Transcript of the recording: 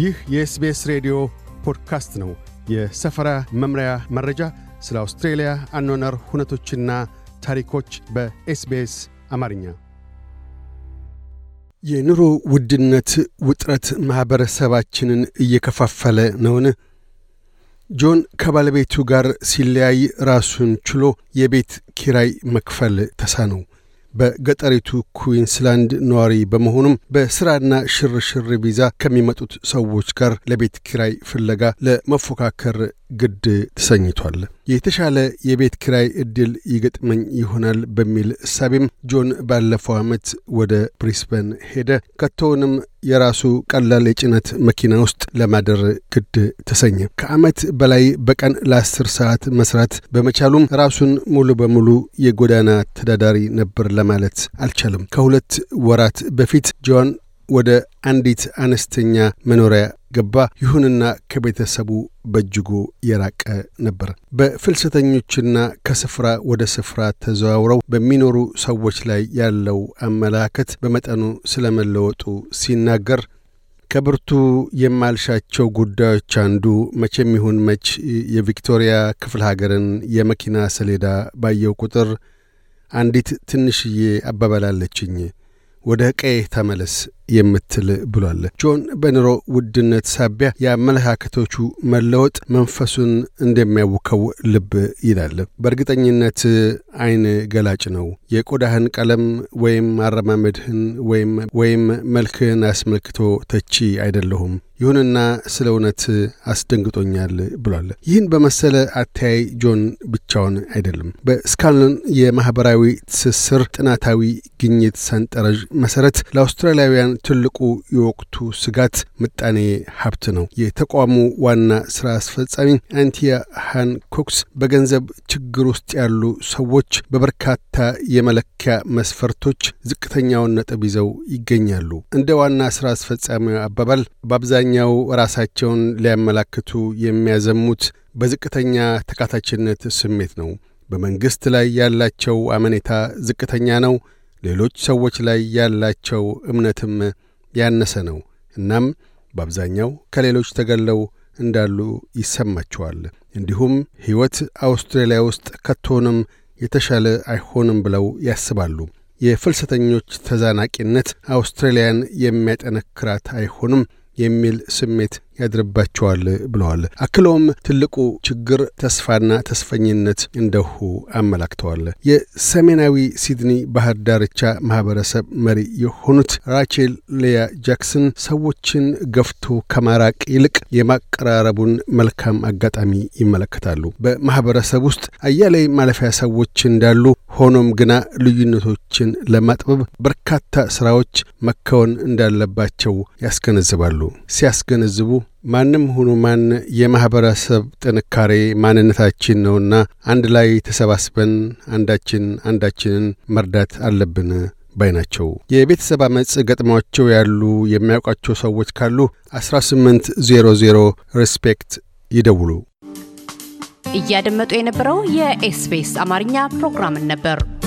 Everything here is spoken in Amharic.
ይህ የኤስቤስ ሬዲዮ ፖድካስት ነው። የሰፈራ መምሪያ መረጃ፣ ስለ አውስትሬልያ አኗነር ሁነቶችና ታሪኮች በኤስቤስ አማርኛ። የኑሮ ውድነት ውጥረት ማኅበረሰባችንን እየከፋፈለ ነውን? ጆን ከባለቤቱ ጋር ሲለያይ ራሱን ችሎ የቤት ኪራይ መክፈል ተሳነው። በገጠሪቱ ኩዊንስላንድ ነዋሪ በመሆኑም በስራና ሽርሽር ቪዛ ከሚመጡት ሰዎች ጋር ለቤት ኪራይ ፍለጋ ለመፎካከር ግድ ተሰኝቷል። የተሻለ የቤት ክራይ እድል ይገጥመኝ ይሆናል በሚል እሳቤም ጆን ባለፈው ዓመት ወደ ብሪስበን ሄደ። ከቶውንም የራሱ ቀላል የጭነት መኪና ውስጥ ለማደር ግድ ተሰኘ። ከዓመት በላይ በቀን ለአስር ሰዓት መስራት በመቻሉም ራሱን ሙሉ በሙሉ የጎዳና ተዳዳሪ ነበር ለማለት አልቻለም። ከሁለት ወራት በፊት ጆን ወደ አንዲት አነስተኛ መኖሪያ ገባ። ይሁንና ከቤተሰቡ በእጅጉ የራቀ ነበር። በፍልሰተኞችና ከስፍራ ወደ ስፍራ ተዘዋውረው በሚኖሩ ሰዎች ላይ ያለው አመለካከት በመጠኑ ስለመለወጡ ሲናገር ከብርቱ የማልሻቸው ጉዳዮች አንዱ መቼም ይሁን መች የቪክቶሪያ ክፍለ ሀገርን የመኪና ሰሌዳ ባየው ቁጥር አንዲት ትንሽዬ አባባላለችኝ፣ ወደ ቀዬ ተመለስ የምትል ብሏል። ጆን በኑሮ ውድነት ሳቢያ የአመለካከቶቹ መለወጥ መንፈሱን እንደሚያውከው ልብ ይላል። በእርግጠኝነት አይን ገላጭ ነው። የቆዳህን ቀለም ወይም አረማመድህን ወይም ወይም መልክህን አስመልክቶ ተቺ አይደለሁም። ይሁንና ስለ እውነት አስደንግጦኛል ብሏል። ይህን በመሰለ አተያይ ጆን ብቻውን አይደለም። በስካንሎን የማኅበራዊ ትስስር ጥናታዊ ግኝት ሰንጠረዥ መሠረት ለአውስትራሊያውያን ትልቁ የወቅቱ ስጋት ምጣኔ ሀብት ነው። የተቋሙ ዋና ስራ አስፈጻሚ አንቲያ ሃን ኮክስ በገንዘብ ችግር ውስጥ ያሉ ሰዎች በበርካታ የመለኪያ መስፈርቶች ዝቅተኛውን ነጥብ ይዘው ይገኛሉ። እንደ ዋና ስራ አስፈጻሚ አባባል በአብዛኛው ራሳቸውን ሊያመላክቱ የሚያዘሙት በዝቅተኛ ተካታችነት ስሜት ነው። በመንግሥት ላይ ያላቸው አመኔታ ዝቅተኛ ነው። ሌሎች ሰዎች ላይ ያላቸው እምነትም ያነሰ ነው። እናም በአብዛኛው ከሌሎች ተገለው እንዳሉ ይሰማቸዋል። እንዲሁም ሕይወት አውስትራሊያ ውስጥ ከቶንም የተሻለ አይሆንም ብለው ያስባሉ። የፍልሰተኞች ተዛናቂነት አውስትራሊያን የሚያጠነክራት አይሆንም የሚል ስሜት ያድርባቸዋል ብለዋል። አክለውም ትልቁ ችግር ተስፋና ተስፈኝነት እንደሁ አመላክተዋል። የሰሜናዊ ሲድኒ ባህር ዳርቻ ማህበረሰብ መሪ የሆኑት ራቼል ሌያ ጃክሰን ሰዎችን ገፍቶ ከማራቅ ይልቅ የማቀራረቡን መልካም አጋጣሚ ይመለከታሉ። በማህበረሰብ ውስጥ አያሌ ማለፊያ ሰዎች እንዳሉ ሆኖም ግና ልዩነቶችን ለማጥበብ በርካታ ስራዎች መከወን እንዳለባቸው ያስገነዝባሉ። ሲያስገነዝቡ ማንም ሁኑ ማን የማኅበረሰብ ጥንካሬ ማንነታችን ነውና አንድ ላይ ተሰባስበን አንዳችን አንዳችንን መርዳት አለብን ባይ ናቸው። የቤተሰብ አመፅ ገጥሟቸው ያሉ የሚያውቋቸው ሰዎች ካሉ 1800 ሬስፔክት ይደውሉ። እያደመጡ የነበረው የኤስቢኤስ አማርኛ ፕሮግራምን ነበር።